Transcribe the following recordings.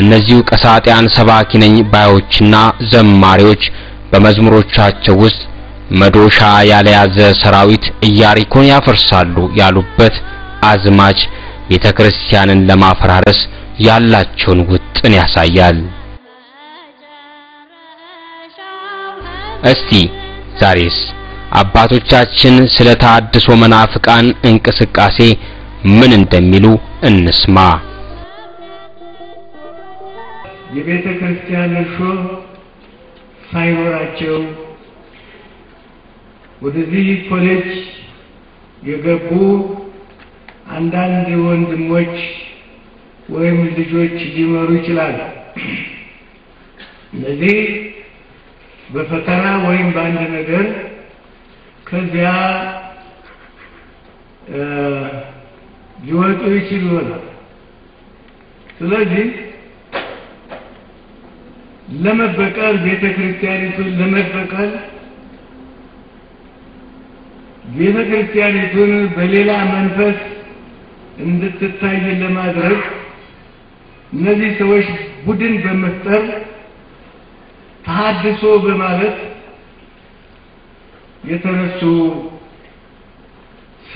እነዚሁ ቀሳጢያን ሰባኪ ነኝ ባዮችና ዘማሪዎች በመዝሙሮቻቸው ውስጥ መዶሻ ያለያዘ ሰራዊት ኢያሪኮን ያፈርሳሉ ያሉበት አዝማች ቤተ ክርስቲያንን ለማፈራረስ ያላቸውን ውጥን ያሳያል። እስቲ ዛሬስ አባቶቻችን ስለ ታድሶ መናፍቃን እንቅስቃሴ ምን እንደሚሉ እንስማ። የቤተ ክርስቲያን እርሾ ሳይኖራቸው ወደዚህ ኮሌጅ የገቡ አንዳንድ ወንድሞች ወይም ልጆች ሊኖሩ ይችላሉ። እነዚህ በፈተና ወይም በአንድ ነገር ከዚያ ሊወጡ ይችሉ ይሆናል። ስለዚህ ለመበቀል ቤተ ክርስቲያኒቱን ለመበቀል ቤተ ክርስቲያኒቱን በሌላ መንፈስ እንድትታይ ለማድረግ እነዚህ ሰዎች ቡድን በመፍጠር ተሃድሶ በማለት የተነሱ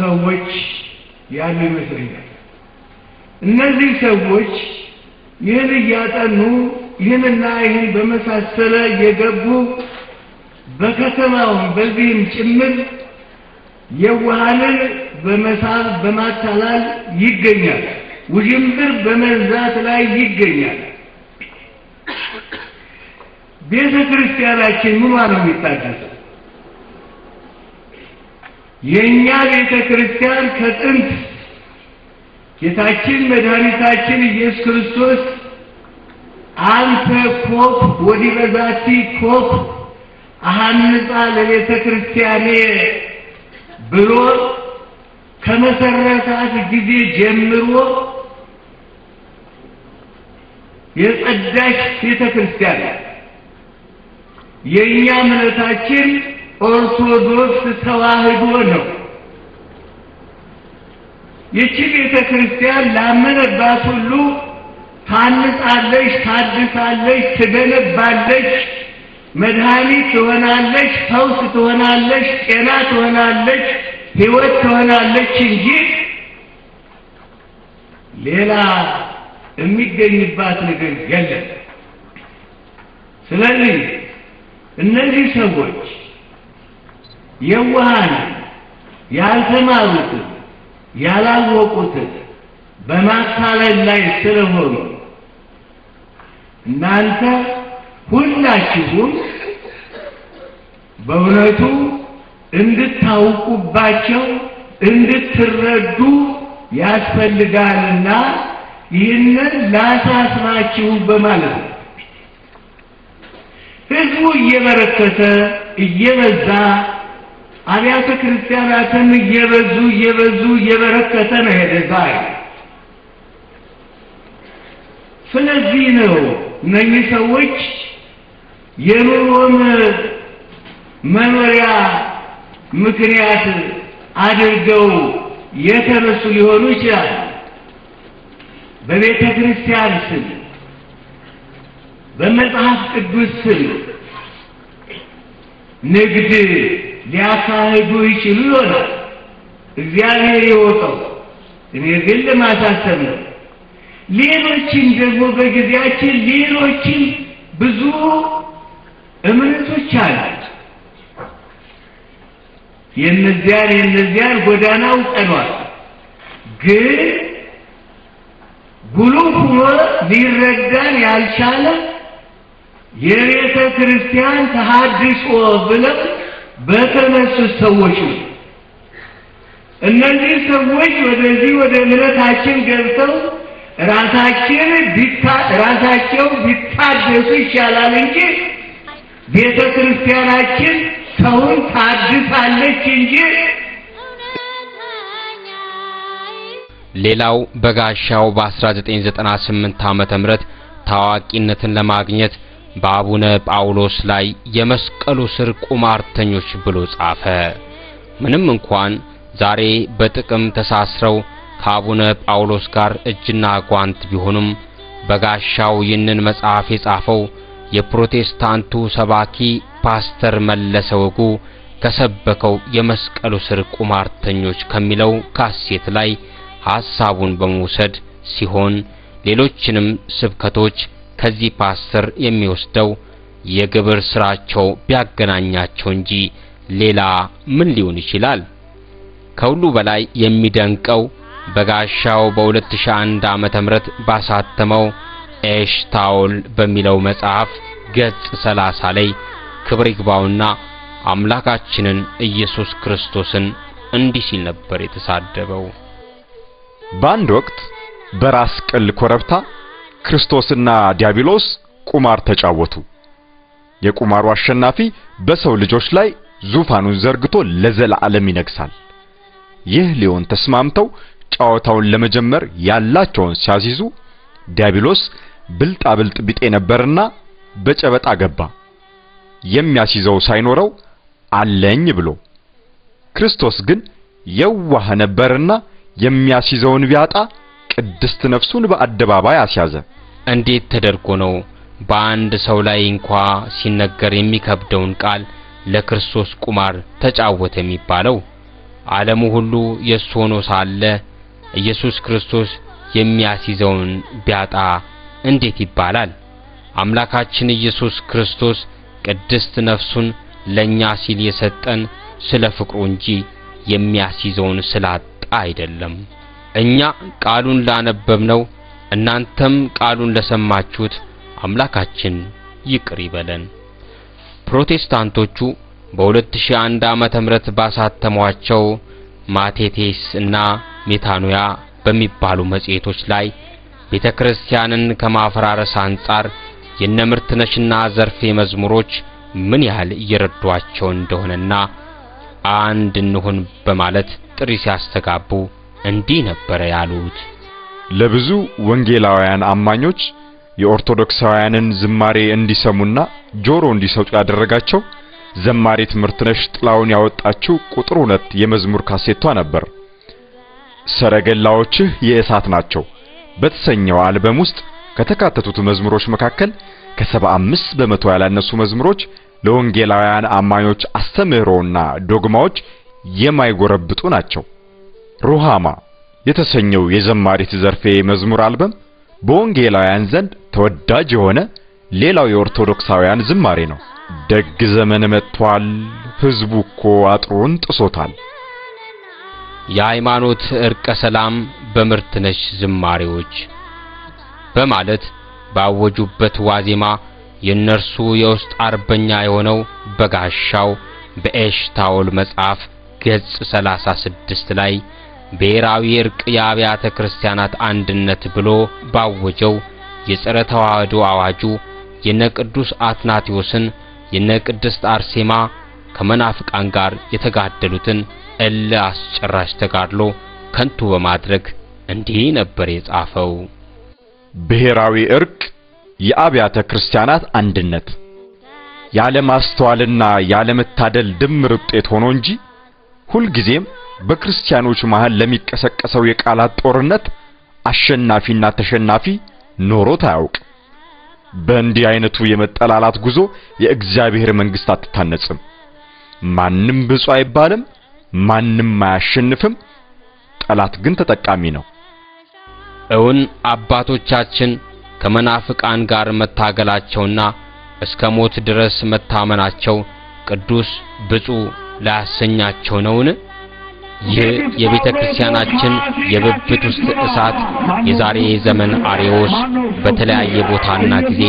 ሰዎች ያሉ ይመስለኛል። እነዚህ ሰዎች ይህን እያጠኑ ይህንና ይህን በመሳሰለ የገቡ በከተማውም በዚህም ጭምር የዋሃንን በመሳብ በማታላል ይገኛል። ውዥንብር በመንዛት ላይ ይገኛል። ቤተ ክርስቲያናችን ምኗ ነው የሚታደሰው? የእኛ ቤተ ክርስቲያን ከጥንት ጌታችን መድኃኒታችን ኢየሱስ ክርስቶስ አንተ ኮፍ ወዲበ ዛቲ ኮፍ አሐንጻ ለቤተ ክርስቲያኔ ብሎ ከመሰረታት ጊዜ ጀምሮ የጸዳች ቤተ ክርስቲያን የእኛ እምነታችን ኦርቶዶክስ ተዋህዶ ነው። ይቺ ቤተ ክርስቲያን ላመነባት ሁሉ ታንጻለች፣ ታድሳለች፣ ትገነባለች፣ መድኃኒት ትሆናለች፣ ፈውስ ትሆናለች፣ ጤና ትሆናለች፣ ሕይወት ትሆናለች እንጂ ሌላ የሚገኝባት ነገር የለም። ስለዚህ እነዚህ ሰዎች የዋሃን ያልተማሩትን ያላወቁትን በማታለል ላይ ስለሆኑ እናንተ ሁላችሁም በእውነቱ እንድታውቁባቸው እንድትረዱ ያስፈልጋልና ይህንን ላሳስባችሁ በማለት ነው። ህዝቡ እየበረከተ እየበዛ አብያተ ክርስቲያናትን እየበዙ እየበዙ እየበረከተ ነው ሄደ። ስለዚህ ነው እነኚህ ሰዎች የኑሮን መኖሪያ ምክንያት አድርገው የተነሱ ሊሆኑ ይችላል። በቤተ ክርስቲያን ስም፣ በመጽሐፍ ቅዱስ ስም ንግድ ሊያካሂዱ ይችሉ ይሆናል። እግዚአብሔር ይወቀው። እኔ ግን ለማሳሰብ ነው። ሌሎችን ደግሞ በጊዜያችን ሌሎችን ብዙ እምነቶች አላቸው። የነዚያን የነዚያን ጎዳናው ውጠኗል። ግን ጉልህ ሆኖ ሊረዳን ያልቻለ የቤተ ክርስቲያን ተሐድሶ ብለው በተነሱት ሰዎች ነው። እነዚህ ሰዎች ወደዚህ ወደ እምነታችን ገብተው ራሳችን ቢታ ራሳቸው ቢታደሱ ይሻላል እንጂ ቤተ ክርስቲያናችን ሰውን ታድሳለች እንጂ። ሌላው በጋሻው በ1998 ዓ.ም ታዋቂነትን ለማግኘት በአቡነ ጳውሎስ ላይ የመስቀሉ ስር ቁማርተኞች ብሎ ጻፈ። ምንም እንኳን ዛሬ በጥቅም ተሳስረው ከአቡነ ጳውሎስ ጋር እጅና ጓንት ቢሆኑም በጋሻው ይህንን መጽሐፍ የጻፈው የፕሮቴስታንቱ ሰባኪ ፓስተር መለሰ ወጉ ከሰበከው የመስቀሉ ስር ቁማርተኞች ከሚለው ካሴት ላይ ሐሳቡን በመውሰድ ሲሆን ሌሎችንም ስብከቶች ከዚህ ፓስተር የሚወስደው የግብር ስራቸው ቢያገናኛቸው እንጂ ሌላ ምን ሊሆን ይችላል? ከሁሉ በላይ የሚደንቀው በጋሻው በ2001 ዓም ምህረት ባሳተመው ኤሽታውል በሚለው መጽሐፍ ገጽ 30 ላይ ክብር ይግባውና አምላካችንን ኢየሱስ ክርስቶስን እንዲህ ሲል ነበር የተሳደበው። በአንድ ወቅት በራስ ቅል ኮረብታ ክርስቶስና ዲያብሎስ ቁማር ተጫወቱ። የቁማሩ አሸናፊ በሰው ልጆች ላይ ዙፋኑን ዘርግቶ ለዘላለም ይነግሳል። ይህ ሊሆን ተስማምተው ጨዋታውን ለመጀመር ያላቸውን ሲያስይዙ! ዲያብሎስ ብልጣብልጥ ቢጤ ነበርና በጨበጣ ገባ። የሚያስይዘው ሳይኖረው አለኝ ብሎ፣ ክርስቶስ ግን የዋህ ነበርና የሚያስይዘውን ቢያጣ ቅድስት ነፍሱን በአደባባይ አስያዘ። እንዴት ተደርጎ ነው በአንድ ሰው ላይ እንኳ ሲነገር የሚከብደውን ቃል ለክርስቶስ ቁማር ተጫወተ የሚባለው? ዓለሙ ሁሉ የእሱ ሆኖ ሳለ ኢየሱስ ክርስቶስ የሚያስይዘውን ቢያጣ እንዴት ይባላል? አምላካችን ኢየሱስ ክርስቶስ ቅድስት ነፍሱን ለእኛ ሲል የሰጠን ስለ ፍቅሩ እንጂ የሚያስይዘውን ስላጣ አይደለም። እኛ ቃሉን ላነበብነው እናንተም ቃሉን ለሰማችሁት አምላካችን ይቅር ይበለን። ፕሮቴስታንቶቹ በ2001 ዓ.ም ባሳተሟቸው ማቴቴስ እና ሜታኖያ በሚባሉ መጽሔቶች ላይ ቤተ ክርስቲያንን ከማፈራረስ አንጻር የነምርትነሽና ዘርፌ መዝሙሮች ምን ያህል እየረዷቸው እንደሆነና አንድ እንሁን በማለት ጥሪ ሲያስተጋቡ እንዲህ ነበረ ያሉት። ለብዙ ወንጌላውያን አማኞች የኦርቶዶክሳውያንን ዝማሬ እንዲሰሙና ጆሮ እንዲሰጡ ያደረጋቸው ዘማሪት ምርትነሽ ጥላውን ያወጣችው ቁጥር ሁለት የመዝሙር ካሴቷ ነበር። ሰረገላዎችህ የእሳት ናቸው በተሰኘው አልበም ውስጥ ከተካተቱት መዝሙሮች መካከል ከሰባ አምስት በመቶ ያላነሱ መዝሙሮች ለወንጌላውያን አማኞች አስተምህሮና ዶግማዎች የማይጎረብጡ ናቸው። ሩሃማ የተሰኘው የዘማሪት ዘርፌ መዝሙር አልበም በወንጌላውያን ዘንድ ተወዳጅ የሆነ ሌላው የኦርቶዶክሳውያን ዝማሬ ነው። ደግ ዘመን መጥቷል፣ ሕዝቡ እኮ አጥሩን ጥሶታል የሃይማኖት እርቀ ሰላም በምርት ነሽ ዝማሬዎች በማለት ባወጁበት ዋዜማ የእነርሱ የውስጥ አርበኛ የሆነው በጋሻው በኤሽታውል መጽሐፍ ገጽ 36 ላይ ብሔራዊ እርቅ የአብያተ ክርስቲያናት አንድነት ብሎ ባወጀው የጸረ ተዋህዶ አዋጁ የነ ቅዱስ አትናቴዎስን የነ ቅድስት አርሴማ ከመናፍቃን ጋር የተጋደሉትን እልህ አስጨራሽ ተጋድሎ ከንቱ በማድረግ እንዲህ ነበር የጻፈው። ብሔራዊ እርቅ የአብያተ ክርስቲያናት አንድነት ያለማስተዋልና ያለመታደል ድምር ውጤት ሆኖ እንጂ ሁልጊዜም በክርስቲያኖች መሃል ለሚቀሰቀሰው የቃላት ጦርነት አሸናፊና ተሸናፊ ኖሮት አያውቅ። በእንዲህ አይነቱ የመጠላላት ጉዞ የእግዚአብሔር መንግስት አትታነጽም። ማንም ብፁዕ አይባልም፣ ማንም አያሸንፍም፣ ጠላት ግን ተጠቃሚ ነው። እውን አባቶቻችን ከመናፍቃን ጋር መታገላቸውና እስከ ሞት ድረስ መታመናቸው ቅዱስ ብፁዕ ላያሰኛቸው ነውን? ይህ የቤተ ክርስቲያናችን የብብት ውስጥ እሳት የዛሬ ዘመን አሪዎስ በተለያየ ቦታና ጊዜ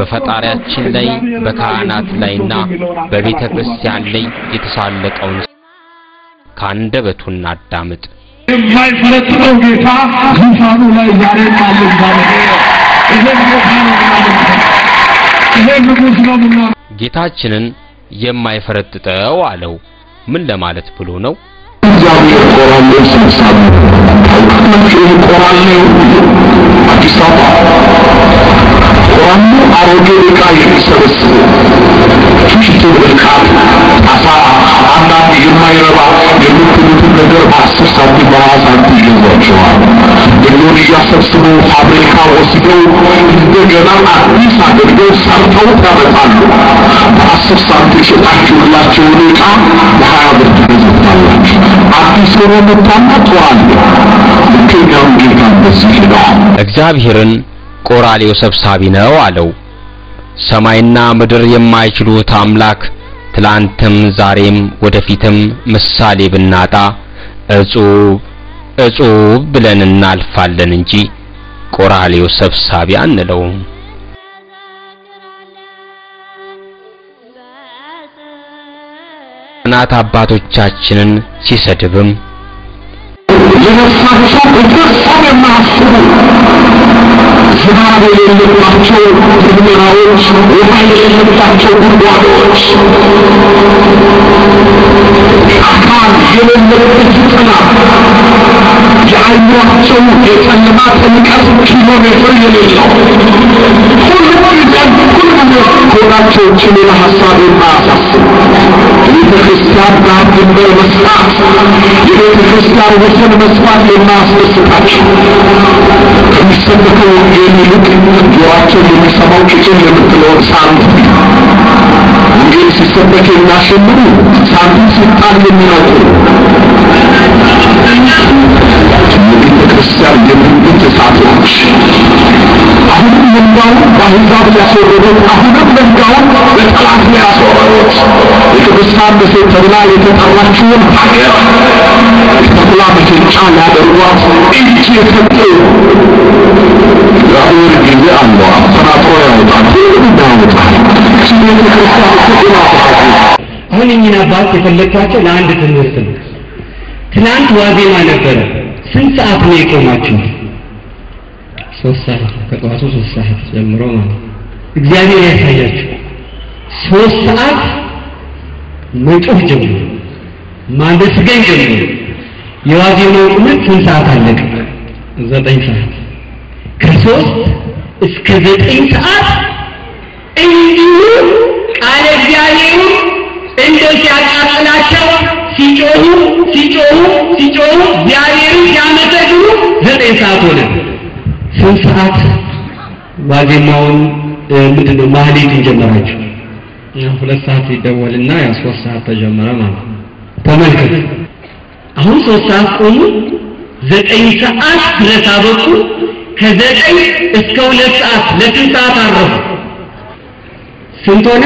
በፈጣሪያችን ላይ በካህናት ላይና በቤተ ክርስቲያን ላይ የተሳለቀውን ካንደበቱን አዳምጥ የማይፈረጥረው ጌታ ዙፋኑ ላይ ዛሬ አለ ነው። ጌታችንን የማይፈረጥጠው አለው ምን ለማለት ብሎ ነው? እግዚአብሔር ቆራኔው ስልሳ ታውቃላችሁ። አዲስ አበባ ዋኑ አሮጌ ዕቃ የሚሰበስቡ ሽሽቱ ብልቃት አሳ አንዳንድ የማይረባ የምትሉትን ነገር በአስር ሳንቲም በሀያ ሳንቲም ይዟቸዋል። ብሎን እያሰብስቡ ፋብሪካ ወስደው እንደገና አዲስ አድርገው ሰርተው ያመጣሉ። በአስር ሳንቲም ሸጣችሁላቸውን ዕቃ በሀያ ብር ትገዛታላችሁ። አዲስ ሆኖ መጣና ጦራለ ልክ ጌታ እንደዚህ ይለዋል እግዚአብሔርን የቆራሌው ሰብሳቢ ነው አለው። ሰማይና ምድር የማይችሉት አምላክ ትላንትም ዛሬም ወደፊትም ምሳሌ ብናጣ እጹብ እጹብ ብለን እናልፋለን እንጂ ቆራሌው ሰብሳቢ አንለውም። እናት አባቶቻችንን ሲሰድብም የነሳሻ በፍጹም የማያስቡ ዝናብ የሌለባቸው ድንበራዎች፣ ውሃ የሌለባቸው ጉድጓዶች፣ አካል የሌለበት ጥላ የአይኗቸው የጨለማ ጥልቀት ኪሎ ሜትር የሌለው ሁሉም ጊዜ ሁሉም ጎናቸው ሌላ ሀሳብ የማያሳስብ የቤተ ክርስቲያን ላም እንደ መስማት የቤተ ክርስቲያን ወሰን መስማት የማያስደስታቸው ከሚሰበከው ወንጌል ጆሯቸው የሚሰማው ቅጭን የምትለውን ሳንቲም ወንጌል ሲሰበክ የሚያሸምሩ ሳንቲም ሲጣል የሚነቁ የቤተ ክርስቲያን የምንድን እሳቶች መንጋውን በአሕዛብ ያስወረዱት አሁንም መንጋውን በጠላት ያስወረዱት የቅዱሳን ሴት ተብላ የተጠራችውን ሀገር ተብላ መሸጫ ሊያደርጓት እጅ የሰጡ ጊዜ አለ አፈራጥሮ ያወጣል ሁሉም ያወጣል አሁን እኚህን አባት የፈለግኳቸው ለአንድ ትምህርት ነው ትናንት ዋዜማ ነበረ ስንት ሰዓት ነው የቆማችሁ ሶስት ሰዓት ከጠዋቱ ሶስት ሰዓት ጀምሮ ማለት እግዚአብሔር ያሳያችሁ። ሶስት ሰዓት መጮህ ጀምሮ ማመስገን ጀምሮ የዋዜማው ቁመት ስንት ሰዓት አለቀ? ዘጠኝ ሰዓት ከሶስት እስከ ዘጠኝ ሰዓት እንዲሁ ቃለ እግዚአብሔሩ እንደው ሲያቃጥላቸው ሲጮሁ ሲጮሁ ሲጮሁ እግዚአብሔርን ሲያመሰግኑ ዘጠኝ ሰዓት ሆነ። ስንት ሰዓት ዋዜማውን ምንድን ነው ማህሌቱን ጀመራችሁ? ሁለት ሰዓት ይደወልና ያ ሶስት ሰዓት ተጀመረ ማለት ነው። ተመልከት አሁን ሶስት ሰዓት ቆሙ። ዘጠኝ ሰዓት ድረስ አበቁ። ከዘጠኝ እስከ ሁለት ሰዓት ለስንት ሰዓት አረፉ? ስንት ሆነ?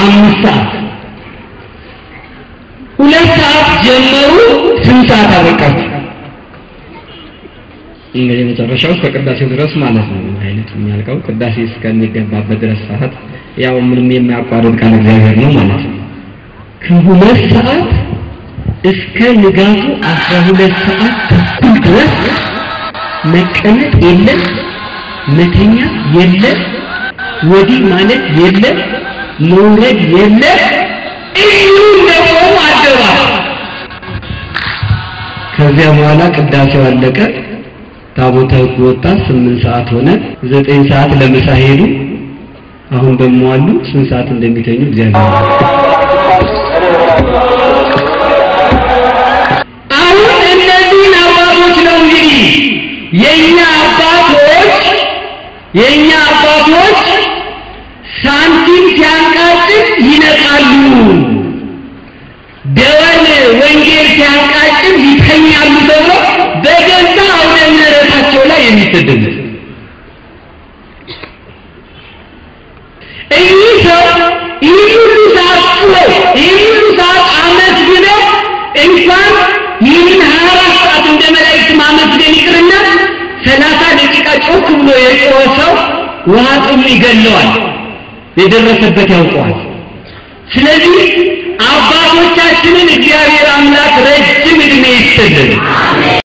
አምስት ሰዓት። ሁለት ሰዓት ጀመሩ። ስንት ሰዓት አበቃችሁ? እንግዲህ መጨረሻው እስከ ቅዳሴው ድረስ ማለት ነው አይነት የሚያልቀው ቅዳሴ እስከሚገባበት ድረስ ሰዓት ያው ምንም የማያቋርጥ ቃል እግዚአብሔር ነው ማለት ነው። ከሁለት ሰዓት እስከ ንጋቱ አስራ ሁለት ሰዓት ተኩል ድረስ መቀመጥ የለም፣ መተኛ የለም፣ ወዲህ ማለት የለም፣ መውረድ የለም። እዩ ደግሞ አደራ። ከዚያ በኋላ ቅዳሴው አለቀ። ታቦታው ከወጣ ስምንት ሰዓት ሆነ። ዘጠኝ ሰዓት ለምሳ ሄዱ። አሁን ደግሞ አሉ ስንት ሰዓት እንደሚተኙ እግዚአብሔር አሁን እነዚህን አባቶች ነው እንግዲህ የኛ አባቶች የኛ አባቶች ሳንቲም ሲያንቃጭን ይነቃሉ፣ ደወል ወንጌል ሲያንቃጭን ይተኛሉ ተብሎ በገዛ አውደ ምሕረታቸው ላይ የሚሰደድ ነው። ሰው ይህ ሁሉ ሰዓት ጥለው ይህ ሁሉ ሰዓት እንኳን ይህን ሀያ አራት ሰዓት እንደ መላእክት ማመስገን ይቅርና ሰላሳ ደቂቃ ጮክ ብሎ የጮኸ ሰው ውሃ ይገለዋል። የደረሰበት ያውቀዋል። ስለዚህ አባቶቻችንን እግዚአብሔር አምላክ ረጅም እድሜ ይስጥልን።